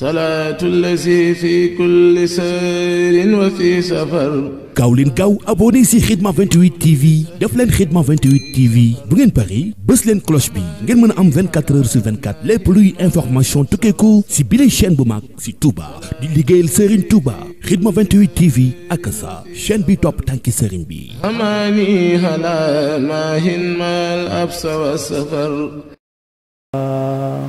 salaatu lazi fi kulli sayrin wa fi safar. gaaw leen gaaw abonné si Khidma 28 TV def leen Khidma TV bu ngeen pari bës leen cloche bi ngeen mën a am 24 heures sur lépp luy information tukkeeku si bile chaîne bu mag si Touba di liggéeyal Serigne Touba Khidma 28 TV ak sa chaîne bi top tànki Serigne bi. amaani halal maahin maal absa wa safar. Ah.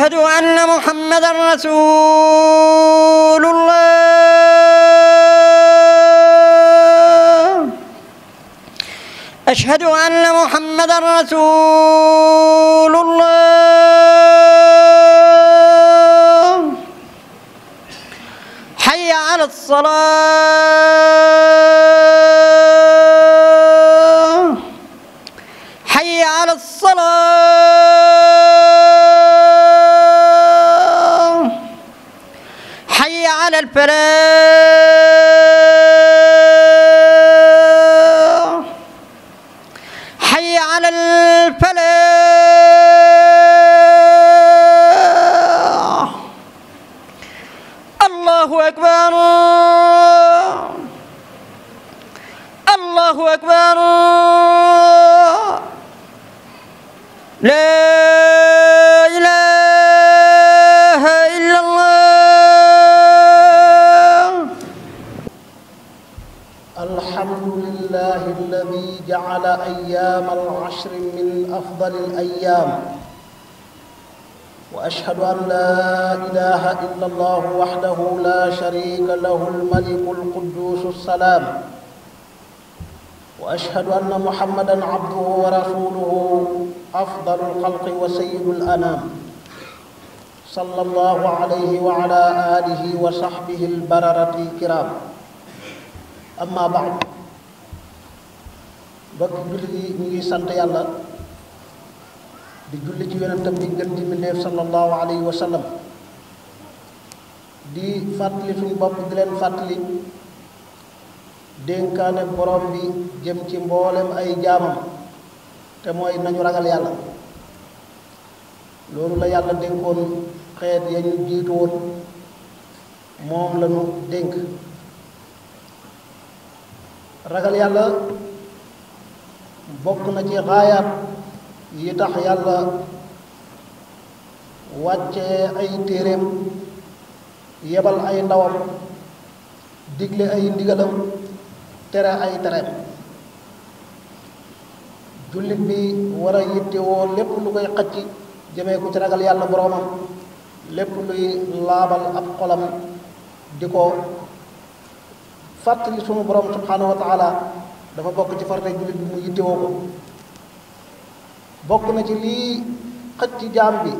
واشهد ان محمدا رسول الله اشهد ان محمدا رسول الله حي على الصلاه حي على الصلاه على الفلاح أفضل الأيام وأشهد أن لا إله إلا الله وحده لا شريك له الملك القدوس السلام وأشهد أن محمدا عبده ورسوله أفضل الخلق وسيد الأنام صلى الله عليه وعلى آله وصحبه البررة الكرام أما بعد بك بلغي نيسانت يالله di julli ci yonentam bi gën di mbindéef sallallahu alayhi wa sallam di fàttali suñ bopp di leen fàttali dénkaane borom bi jëm ci mboolem ay jaamam te mooy nañu ragal yàlla loolu la yàlla dénkoon xeet ya ñu jiitu woon moom la dénk ragal yàlla bokk na ci xaayaat yi tax yàlla wàccee ay téeréem yebal ay ndawam digle ay ndigalam tere ay tereem jullit bi war a yittewoo lépp lu koy xacc jëmee ku ci ragal yàlla boroomam lépp luy laabal ab xolam di ko fàttali sunu borom subhanahu wa dafa bokk ci farate jullit bi mu yittewoo ko bokk na ci lii xëcc jaam bi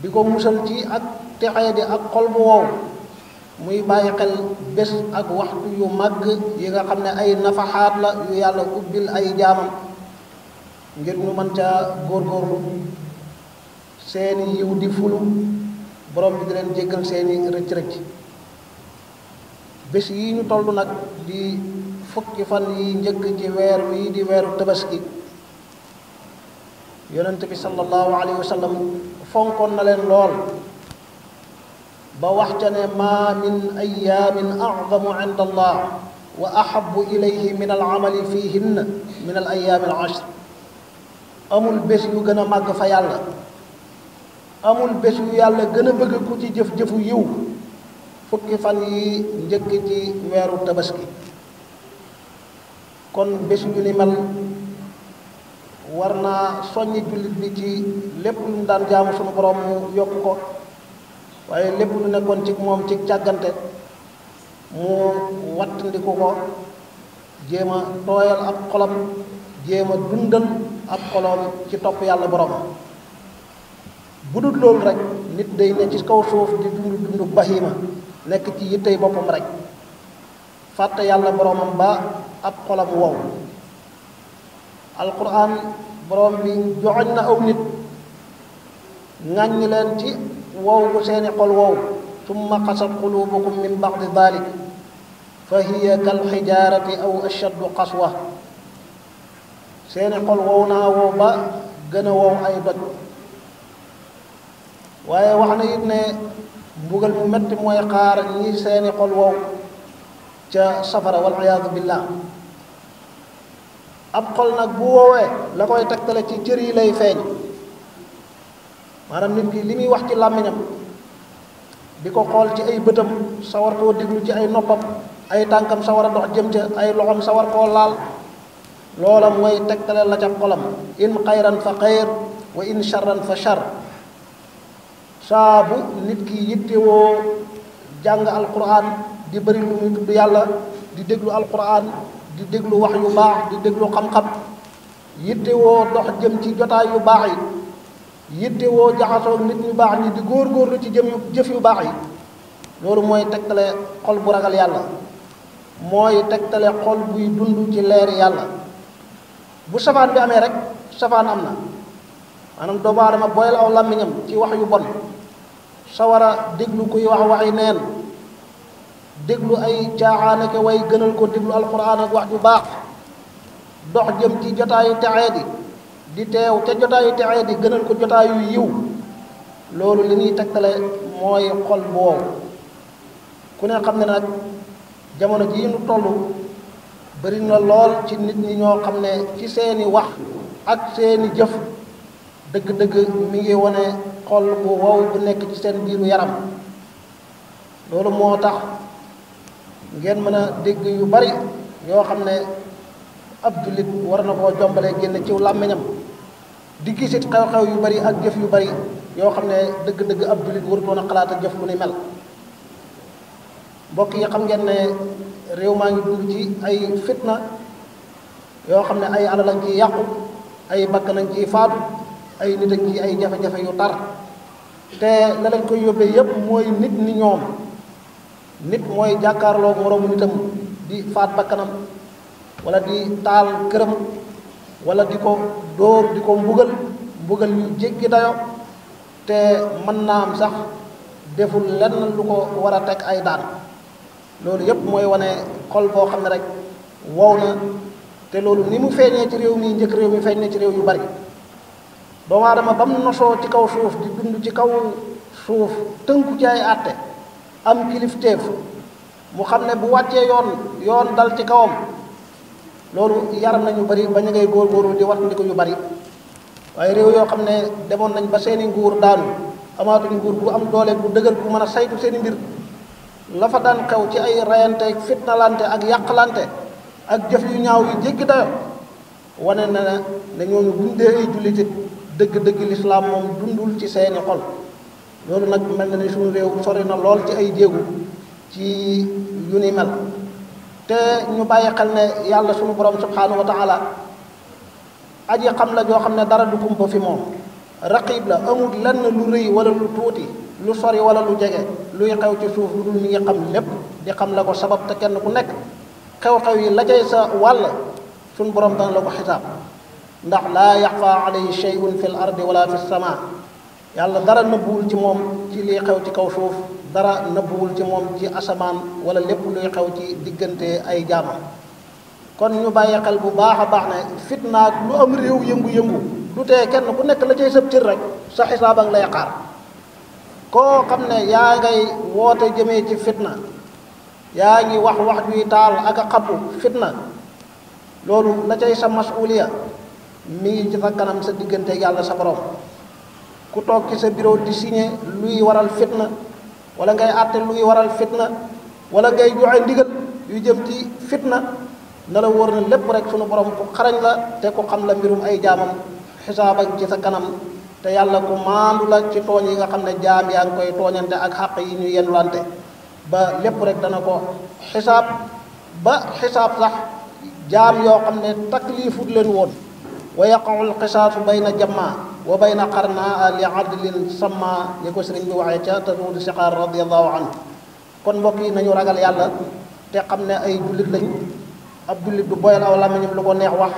di ko musal ci ak texee di ak xol bu wow muy bàyyi xel bés ak waxtu yu màgg yi nga xam ne ay nafaxaat la yu yàlla ubbil ay jaamam ngir ñu mën ca góorgóorlu seeni yiw di fulu borom bi di leen jéggal seeni rëcc rëcc bés yi ñu toll nag di fukki fan yi njëkk ci weer wi di weeru tabaski yonent bi sallallahu alayhi wa sallam fonkoon na leen lool ba wax ne maa min ayaamin acdamu inda allah wa ahabu ilayhi min min al ayaami al ashr amul bés yu gën a màgg fa yàlla amul bés yu yàlla gën a bëgg ku ci jëf-jëfu yiw fukki fan yi njëkk ci weeru tabaski bés war naa soññi jullit bi ci lépp lu ñu daan jaamu suñu borom mu waaye lépp lu nekkoon ci moom ci càggante mu wattandiku ko jéem a tooyal ab xolam jéem dundal ab xoloom ci topp yàlla borom bu dul loolu rek nit day ne ci kaw suuf di dund dund bahima nekk ci yittey boppam rek fàtte yàlla boromam ba ab xolam wow alquran borom bi joxoñ na aw nit ŋàññi leen ci wow bu seeni xol wow summa qasat qulubukum min ba'di dalik fa hiya kal xijaarati aw ashaddu qaswa seeni xol wow naa wow ba gën a wow ay doj waaye wax na it ne mbugal mu metti mooy xaar ñi seeni xol wow ca safara wal iyaadu billah ab xol nag bu woowee la koy tegtale ci cër yi lay feeñ maanaam nit ki li muy wax ci làmmiñam bi ko xool ci ay bëtam sawar koo déglu ci ay noppam ay tànkam sawar a dox jëm ca ay loxam sawar koo laal loola mooy tegtale la ca xolam in xayran fa xayr wa in charran fa char saabu nit ki yittewoo jàng alquran di bëri lu muy tudd yàlla di déglu alquran di déglu wax yu baax di déglu xam-xam yittewoo dox jëm ci jotaay yu baax yi yittewoo jaxasoo nit ñu baax ñi di góor-góorlu ci jëm jëf yu baax yi loolu mooy tegtale xol bu ragal yàlla mooy tegtale xol buy dund ci leer yàlla bu safaan bi amee rek safaan am na maanaam doomu aadama booyal aw làmmiñam ci wax yu bon sawara déglu kuy wax waxi neen déglu ay caaxaan ak way gënal ko déglu alquran ak wax ju baax dox jëm ci jotaayu texee di di teew ca jotaayu texee di gënal ko jotaayu yiw loolu li ñuy tegtale mooy xol bu wow ku ne xam ne nag jamono jii nu toll bari na lool ci nit ñi ñoo xam ne ci seeni wax ak seeni jëf dëgg-dëgg mi ngi wane xol bu wow bu nekk ci seen biiru yaram loolu moo tax ngeen mën a dégg yu bari yoo xam ne ab jullit war na koo jombalee génn ciw làmmiñam di gisit xew-xew yu bari ak jëf yu bari yoo xam ne dëgg-dëgg ab jullit warutoon a xalaat ak jëf mu ni mel mbokk yi xam ngeen ne réew maa ngi dugg ci ay fitna yoo xam ne ay alal ci yàqu ay bakkan nañ ciy faatu ay nit ak ci ay jafe-jafe yu tar te la leen koy yóbbee yépp mooy nit ni ñoom nit mooy jàkkaarloog moroomu nitam di faat bakkanam wala di taal këram wala di ko dóor di ko mbugal mbugal yu jéggi dayo te mën naa am sax deful lenn lu ko war a teg ay daan loolu yépp mooy wane xol boo xam ne rek wow na te loolu ni mu feeñee ci réew mi njëkk réew mi feeñ na ci réew yu bari doomu aadama ba mu nosoo ci kaw suuf di dund ci kaw suuf tënku ci ay àtte am kilifteef mu xam ne bu wàccee yoon yoon dal ci kawam loolu yaram nañu bari ba ñu ngay góor di wattu di ko yu bari waaye réew yoo xam ne demoon nañ ba seeni nguur daanu amaatuñ nguur bu am doole gu dëgër gu mën a saytu seeni mbir lafa daan kaw ci ay rayante ak fitnalante ak yàqalante ak jëf yu ñaaw yu jéggi dayo wane na ne ñooñu buñ dee ay jullitit dëgg-dëgg lislaam moom dundul ci seeni xol loolu nag mel na ni suñu réew sori na lool ci ay jéegu ci yu ni mel te ñu bàyyi xel ne yàlla suñu borom subhanahu wa taala aji xam la joo xam ne dara du kumpa fi moom raqib la amul lenn lu rëy wala lu tuuti lu sori wala lu jege luy xew ci suuf lu dul mi ngi xam lépp di xam la ko sabab te kenn ku nekk xew-xew yi la cay sa wàll suñu borom dana la ko xisaab ndax laa yaxfa alayhi shay'un fi l ardi samaa yàlla dara nëbbuwul ci moom ci liy xew ci kaw suuf dara nëbbuwul ci moom ci asamaan wala lépp luy xew ci diggante ay jaama kon ñu bàyyi xel bu baax a baax ne fitnaag lu am réew yëngu-yëngu du tee kenn ku nekk la cay sëb cër rek sa xisaab ak lay xaar koo xam ne yaa ngay woote jëmee ci fitna yaa ngi wax wax juy taal ak a xabbu fitna loolu la cay sa masuuliya mi ngi ci sa kanam sa diggante yàlla sa boroom ku toog ci sa bureau di signé luy waral fitna wala ngay àtte luy waral fitna wala ngay joxe ndigal yu jëm ci fitna na la wóor na lépp rek sunu borom ku xarañ la te ku xam la mbirum ay jaamam xisaab ak ci sa kanam te yàlla ku maandu la ci tooñ yi nga xam ne jaam yaa ngi koy tooñante ak xàq yi ñu yenulante ba lépp rek dana ko xisaab ba xisaab sax jaam yoo xam ne takliifut leen woon wa yaqaul xisaasu na jamaa boo wa bayna qarnaa li adlin samma li ko sëriñ bi waxee ca tadud sixaar radiallahu an kon mbokk yi nañu ragal yàlla te xam ne ay jullit lañ ab jullit du boyal aw làmmiñam lu ko neex wax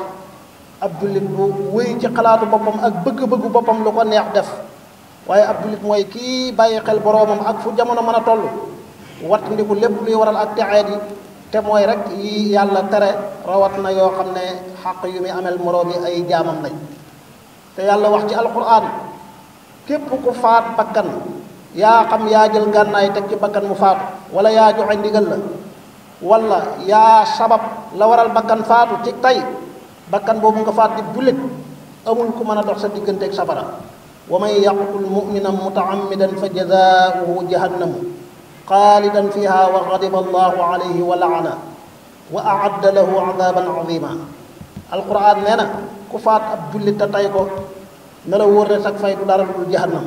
ab jullit bu wéy ci xalaatu boppam ak bëgg-bëggu boppam lu ko neex def waaye ab jullit mooy kii bàyyi xel boroomam ak fu jamono mën a toll wattandiku lépp luy waral ak texeet yi te mooy rek yi yàlla tere rawat na yoo xam ne xaq yu muy amel moroom yi ay jaamam lañ te yàlla wax ci alquran képp ku faat bakkan yaa xam yaa jël gànnaay teg ci bakkan mu faatu wala yaa joxe ndigal la wala yaa sabab la waral bakkan faatu ci tey bakkan boobu nga faat di jullit amul ku mën a dox sa diggante ak safara wa man yaqtul muminan mutaammidan fa jazaauhu jahannamu xaalidan fiha wa xadiba allahu alayhi wa laana wa aadda lahu adaban azima alquran nee na ku faat ab jullit te tay ko na wóor ne sag fay dara lu jahannam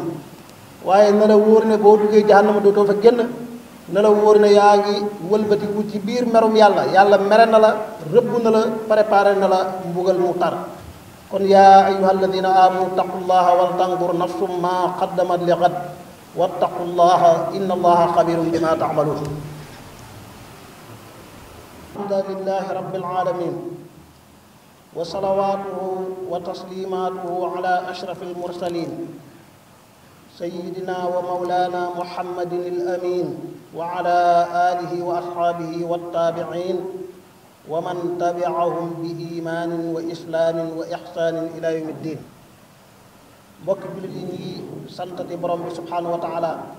waaye na la wóor ne boo duggee jahannama dootoo fa génn na la wóor ne yaa ngi wëlbatiku ci biir merum yàlla yàlla mere na la rëbb na la préparé na la mbugal mu tar kon yaa ayuha alladina amanu taqullaha wal tandur nafsum ma qaddamat li xad wattaqullaha alamin وصلواته وتسليماته على أشرف المرسلين سيدنا ومولانا محمد الأمين وعلى آله وأصحابه والتابعين ومن تبعهم بإيمان وإسلام وإحسان إلى يوم الدين mbokk jullit yi ñuy santati borom bi subhanahu wa taala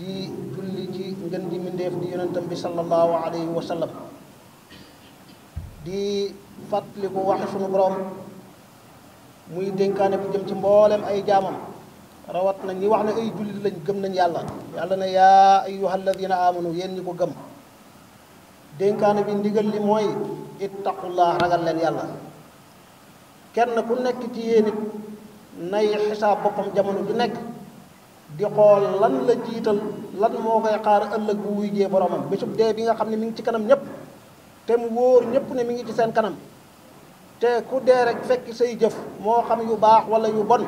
di julli ci ngën di mbindéef di yonentam bi sallallahu alayhi wa sallam di fàttaliku wax suñu borom muy dénkaane bu jëm ci mboolem ay jaamam rawat na ñi wax ne ay jullit lañ gëm nañ yàlla yàlla na yaa ayyuha alladina amanu yéen ñi ko gëm dénkaane bi ndigal li mooy ittaqullah ragal leen yàlla kenn ku nekk ci yéen it nay xisaab boppam jamono ju nekk di xool lan la jiital lan moo koy xaar ëllëg bu wuy jee boromam bésub dee bi nga xam ne mi ngi ci kanam ñépp te mu wóor ñëpp ne mi ngi ci seen kanam te ku dee rek fekk say jëf moo xam yu baax walla yu bon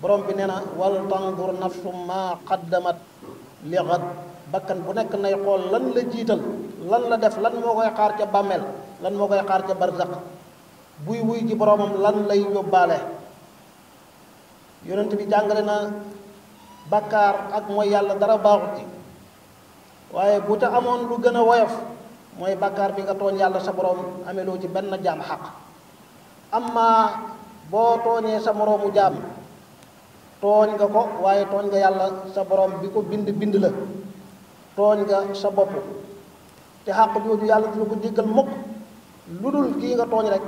borom bi nee na wal tandur nafsum ma qaddamat li bakkan bu nekk nay xool lan la jiital lan la def lan moo koy xaar ca bàmmeel lan moo koy xaar ca barzak buy wuy ji boromam lan lay yóbbaale yonent bi jàngale na bakkaar ak mooy yàlla dara baaxut ci waaye bu ta amoon lu gën a woyof mooy bàkkaar bi nga tooñ yàlla sa borom ameloo ci benn jaam xaq amma boo tooñee sa moroomu jàmm tooñ nga ko waaye tooñ nga yàlla sa boroom bi ko bind bind la tooñ nga sa bopp te xàq jooju yàlla dina ko jéggal mukk lu dul kii nga tooñ rek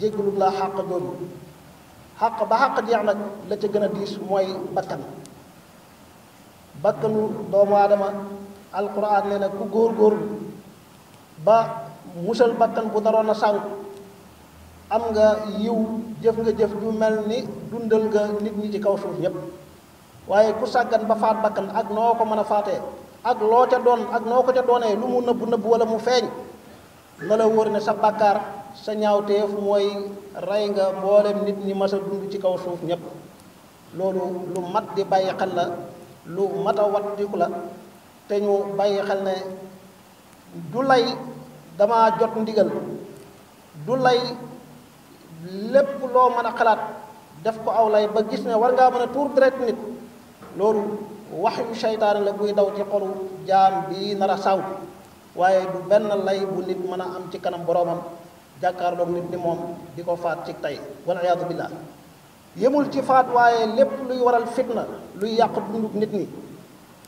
jéggalul la xàq jooju xàq ba xàq jeex nag la ca gën a diis mooy bakkan bakkanu doomu aadama alquran nee na ku góor góorlu ba musal bakkan bu daroon a sànku am nga yiw jëf nga jëf ju mel ni dundal nga nit ñi ci kaw suuf ñépp waaye ku sàggan ba faat bakkan ak noo ko mën a faatee ak loo ca doon ak noo ko ca doonee lu mu nëbb nëbb wala mu feeñ na la wóor ne sa bàkkaar sa ñaawteef mooy rey nga mboolem nit ñi mas dund ci kaw suuf ñépp loolu lu mat di bàyyi xel la lu mat a wattiku la te ñu bàyyi xel ne du lay dama jot ndigal du lay lépp loo mën a xalaat def ko aw lay ba gis ne war ngaa mën a tuur deret nit loolu wax yu seytaane la buy daw ci xolu jaam bi nar a saw waaye du benn lay bu nit mën a am ci kanam boroomam jàkkaarloog nit ni moom di ko faat ci tey wal iyaadu billaah yemul ci faat waaye lépp luy waral fitna luy yàq dundub nit ñi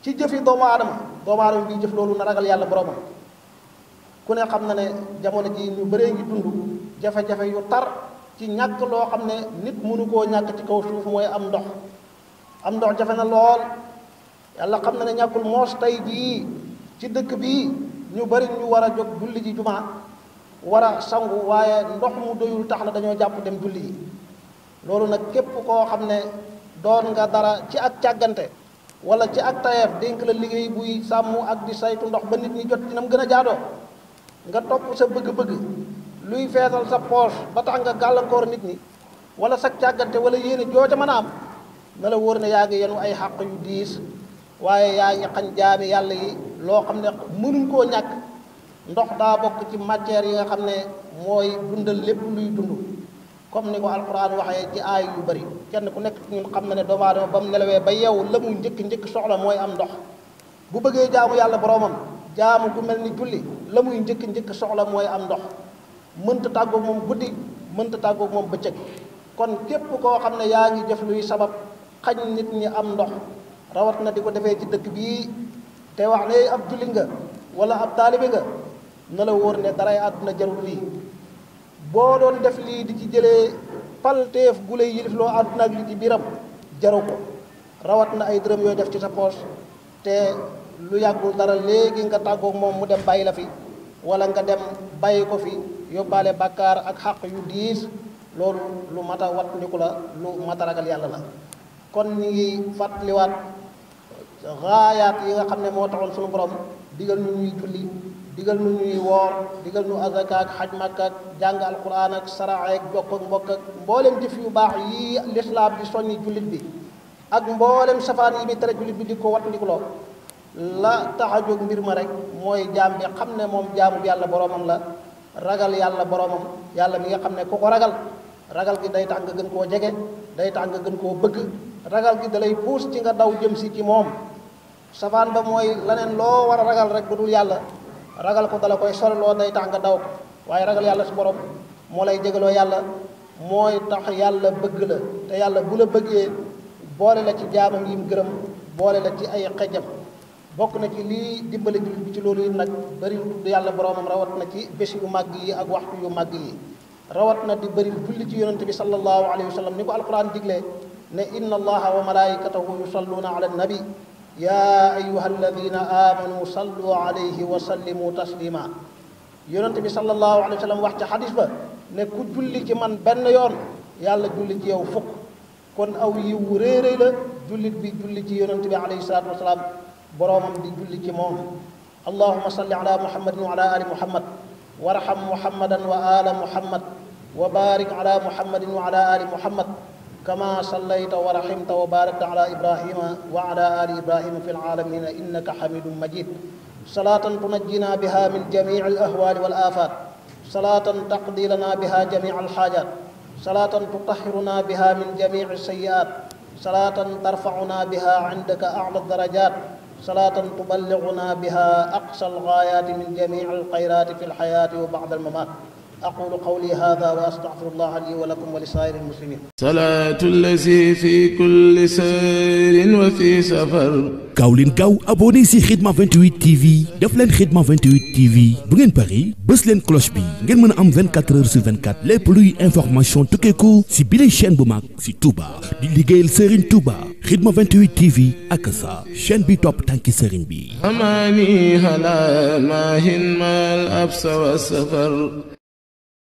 ci jëfi doomu aadama doomu aadama biy jëf loolu na ragal yàlla boroomam ku ne xam na ne jamono ji ñu bëree ngi dund jafe-jafe yu tar ci ñàkk loo xam ne nit mënu koo ñàkk ci kaw suuf mooy am ndox am ndox jafe na lool yàlla xam na ne ñàkkul moos tey jii ci dëkk bii ñu bari ñu war a jóg julli ji jumaa war a sangu waaye ndox mu doyul tax na dañoo jàpp dem julli ji loolu nag képp koo xam ne doon nga dara ci ak càggante wala ci ak tayeef dénk la liggéey buy sàmm ak di saytu ndox ba nit ñi jot ci nam gën a jaadoo nga topp sa bëgg-bëgg luy feesal sa poche ba tax nga gàllankoor nit ñi wala sa càggante wala yéene jooja mën a am na wóor ne yaa ngi yenu ay xàq yu diis waaye yaa ngi jaami yàlla yi loo xam ne mënuñ koo ñàkk ndox daa bokk ci matière yi nga xam ne mooy dundal lépp luy dund comme ni ko alquran waxee ci aay yu bari kenn ku nekk ñun xam na ne doomu aadama ba mu nelawee ba yeewu la mu njëkk njëkk soxla mooy am ndox bu bëggee jaamu yàlla boroomam jaamu ku mel ni julli la muy njëkk njëkk soxla mooy am ndox mënta tàggoog moom guddi mënta tàggoog moom bëccëg kon képp koo xam ne yaa ngi jëf luy sabab xañ nit ñi am ndox rawat na di ko defee ci dëkk bii te wax ne ab jullit nga wala ab taalibe nga na la wóor ne daray àdduna jarul lii boo doon def lii di ci jëlee palteef gu lay yilif loo àdduna ci biiram jaru ko rawat na ay dërëm yooyu def ci sa poos te lu yàggul dara léegi nga tàggoog moom mu dem bàyyi la fi wala nga dem bàyyi ko fi yóbbaale bàkkaar ak xàq yu diis loolu lu mat a la lu mat ragal yàlla la kon ñu ngi fàttaliwaat xaayaat yi nga xam ne moo taxoon suñu borom digal nu ñuy julli digal nu ñuy woor digal nu azaka ak xaj makka ak jàng alquran ak saraax ak jokk ak mbokk ak mboolem jëf yu baax yii lislaam di soññi jullit bi ak mboolem safaan yi bi tere jullit bi di ko wat la tax a jóg mbir ma rek mooy jaam bi xam ne moom jaamu yàlla boroomam la ragal yàlla boroomam yàlla mi nga xam ne koo ko ragal ragal gi day tax nga gën koo jege day tax nga gën koo bëgg ragal gi dalay puus ci nga daw jëm si ci moom safaan ba mooy leneen loo war a ragal rek bu dul yàlla ragal ko dala koy soreloo day tax nga daw waaye ragal yàlla si borom moo lay jégaloo yàlla mooy tax yàlla bëgg la te yàlla bu la bëggee boole la ci jaamam yim gërëm boole la ci ay xejam bokk na ci lii dimbale jullit bi ci loolu yi nag bëri tudd yàlla boroomam rawat na ci bés yu màgg yi ak waxtu yu màgg yi rawat na di bëri julli ci yonante bi sallallahu alayhi wa sallam ni ko alquran diglee ne inna allaha wa malaikatahu yusalluuna ala annabi yaa ayuha alladina amanu sallu alayhi wa sallimu taslima yonante bi sallallahu alayhi wa sallam wax ca xadis ba ne ku julli ci man benn yoon yàlla julli ci yow fukk kon aw yiwu réeréy la jullit bi julli ci yonante bi alayhi salaatu wasalaam boroomam di julli ci moom allahuma salli ala muhammadin wa ala ali muhammad warham muhammadan wa ala muhammad wa barik ala muhammadin wa ala ali muhammad kama sallayta wa rahimta wa barakta ala ibrahima wa ala ali ibrahima fi laalamina innaka xamidun majid salaatan tunajjina biha min jamici alahwaali wal aafaat salaatan taqdi lana biha jamic alxaajaat salaatan tutahiruna biha min jamici sayi'aat salaatan tarfacuna biha cindaka acla darajaat صلاة تبلغنا بها أقصى الغايات من جميع الخيرات في الحياة وبعد الممات أقول قولي هذا وأستغفر الله لي ولكم ولسائر المسلمين صلاة الذي في كل سير وفي سفر gaaw leen gaaw abonné si Khidma 28 TV def leen Khidma TV bu ngeen bari bës leen cloche bi ngeen mën a am 24 heures sur 24 lépp luy information tukkeeku si bile chaîne bu mag si Touba di liggéeyal Serigne Touba Khidma 28 TV ak sa chaîne bi topp tànki Serigne bi.